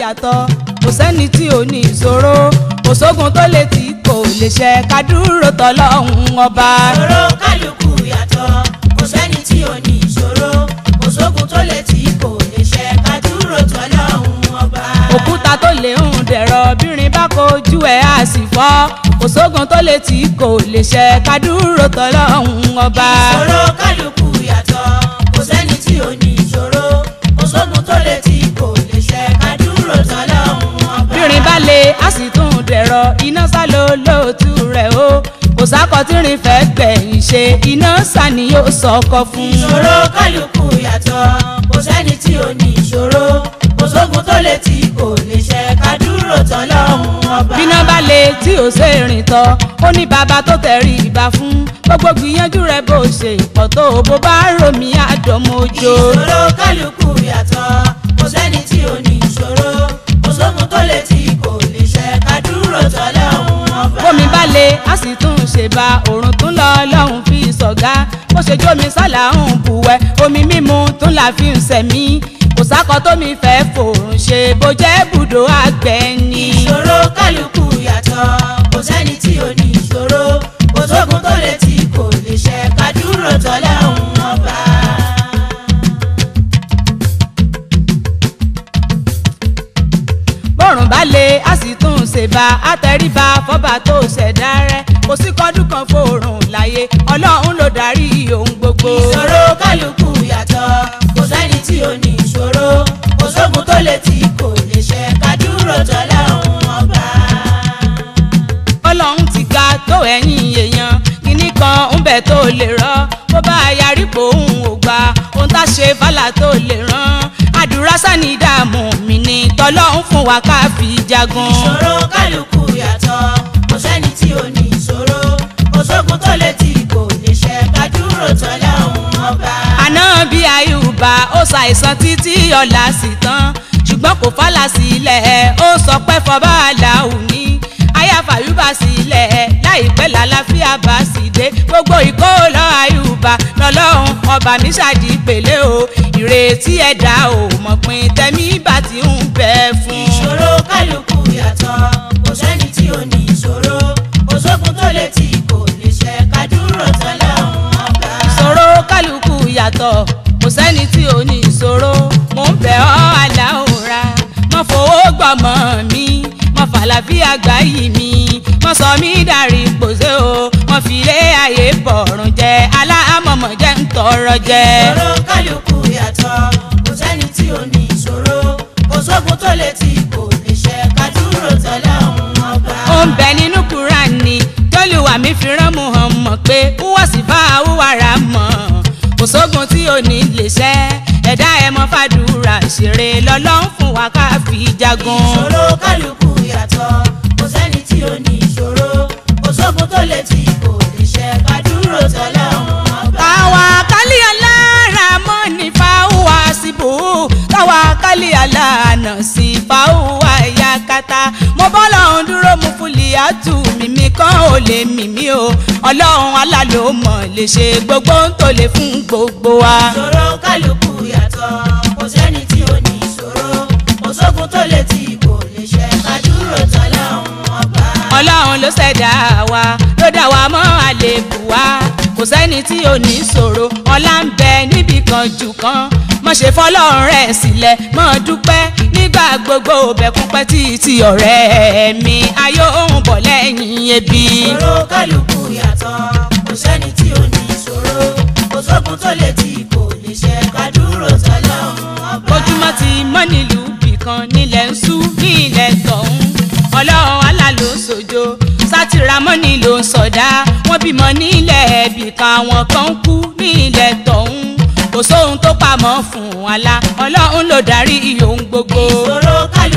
yàtọ̀ kò sẹ́ni tí ò ní ìṣòro kò sógun tó lè tí kò lè ṣe kádúró tọ́lọ́hún ọba. ìṣòro kálukú yàtọ̀ kò sẹ́ni tí ò ní ìṣòro kò sógun tó lè tí kò lè ṣe kádúró tọ́lọ́hún ọba. òkúta tó lè ń dẹ̀rọ̀ bírin bá kojú ẹ̀ á sì fọ́ kò tó lè tí kò lè ṣe kádúró tọ́lọ́hún ọba. ìṣòro kálukú yàtọ̀ fẹ́ o kò sákọ̀ tí rìn fẹ́ gbẹ̀yìn ṣe iná sani yóò sọkọ fún. ìṣòro kálukú yàtọ̀ kò sẹ́ni tí ò ní ìṣòro kò sógun tó lè tí kò lè ṣe kádúró tán lọ́hùn ọba. bíná bá lè tí ò ṣe rìn tọ ó ní bàbá tó tẹrí ìbá fún gbogbo gbìyànjú rẹ bó ṣe ìpọ̀ tó bó bá rò mí àdọ́mọ́jọ. ìṣòro kálukú yàtọ̀ lọlé a sì tún ṣe bá òrùn tún lọ lọ́hùn fi sọ̀gá bó ṣe jómi sọ́là ń bùwẹ̀ omi mímu tún là fi ń sẹ̀mí kò sákọ̀ tómi fẹ́ fòrùn ṣe bó jẹ́ bùdó àgbẹ̀ ni. ìṣòro kálukú yàtọ̀. ṣèbà àtẹríba fọ́ba tó ṣẹ̀dá rẹ̀ kò sí kọ́dún kan fòrùn láyé ọlọ́run ló darí ohun gbogbo. ìṣòro kálukú yàtọ̀ kò sẹ́ni tí ò ní ìṣòro kò sóògùn tó lè tí kò lè ṣe kádúró tọ́lá òun ọba. ọlọ́run ti ga tó ẹ̀yìn èèyàn kíní kan ń bẹ tó lè rọ bó bá yarí pòun ò gbà ohun tá a ṣe fàlà tó lè rán àdúrà sani dààmú tọ́lọ́hún fún wa ká fi jagun. ìṣòro kálukú yàtọ̀ kò sẹ́ni tí ò ní ìṣòro kò sógun tó lè tì kò lè ṣe kádúró tọ́lọ́hún ọba. àná bí ayùbá ó ṣàìsàn títí ọ̀la sì tán ṣùgbọ́n kò fàlà sílẹ̀ ó sọ pé fọba aláwù ní ayáfa yúbà sílẹ̀ láìpẹ́ lálàáfíà bá sì dé gbogbo ìkólọ́ ayùbá lọ́lọ́run ọba mi ṣàdí pẹ̀lẹ́ o ìrètí ẹ̀dá ò mọ̀pin tẹ̀mí bá ti ń sọ kò sẹ́ni tí ò ní ìṣòro mò ń bẹ̀ ọ́ aláòra má fowó gbọ́mọ mi má fàlàfíà gbáyì mi má sọ mí dàrí pòṣé o má fi lé ayé bọ̀rùn jẹ aláàmọ̀mọ̀ jẹ́ ń tọrọ jẹ. ìṣòro kálukú yàtọ̀ kò sẹ́ni tí ò ní ìṣòro kò sógun tó lè ti kò lè ṣe kádúró tọ́lá òun ọba. ó ń bẹ nínú Kúránì tólúwa mi fi rán Muhammad pé wọ́n ìṣeré lọ́lọ́run fún wa ká fi jagun. ìṣòro kálukú yàtọ̀ kò sẹ́ni tí ó ní ìṣòro kò sóògùn tó lè ti kò lè ṣe ká dúró tọ́lọ́run ọba. tàwa kálí alára mọ́ ní fáwọn àṣìbò tàwa kálí aláàánà sí fáwọn àyàkátà mo bọ́ lọ́run dúró mú fúlì àtù mímí kan ò lè mímí o ọlọ́run alálòmọ̀ lè ṣe gbogbo ń tó lè fún gbogbo wa. ìṣòro ló ṣẹ̀dá wa ló dá wa mọ́ àlébù wa kò sẹ́ni tí ò ní ṣòro ọlá ń bẹ níbì kan jù kan mọ̀ ṣe fọlọ́run rẹ̀ sílẹ̀ mọ̀ dúpẹ́ nígbà gbogbo ọbẹ̀ kúpẹ́ títí ọ̀rẹ́ mi ayọ̀ òun bọ̀ lẹ́yìn ebi. ìṣòro kálukú yàtọ̀ kò sẹ́ni tí ò ní ìṣòro kò sókun tó lè ti kò lè ṣe kádúró tọ́lọ́run ọba. ojúmọ́ ti mọ́ nílùú bìkan nílẹ̀ ń sú ní ilẹ̀ tọ̀hún ọlọ́run sojo tìramọ́nì ló ń sọ̀dá wọ́n bímọ nílẹ̀ ẹ̀bì kan àwọn kan ń kú ní ilẹ̀ tọ̀hún kò sóhun tó pamọ́ fún wa la ọlọ́run ló darí ìyóhun gbogbo. ìṣòro kálí.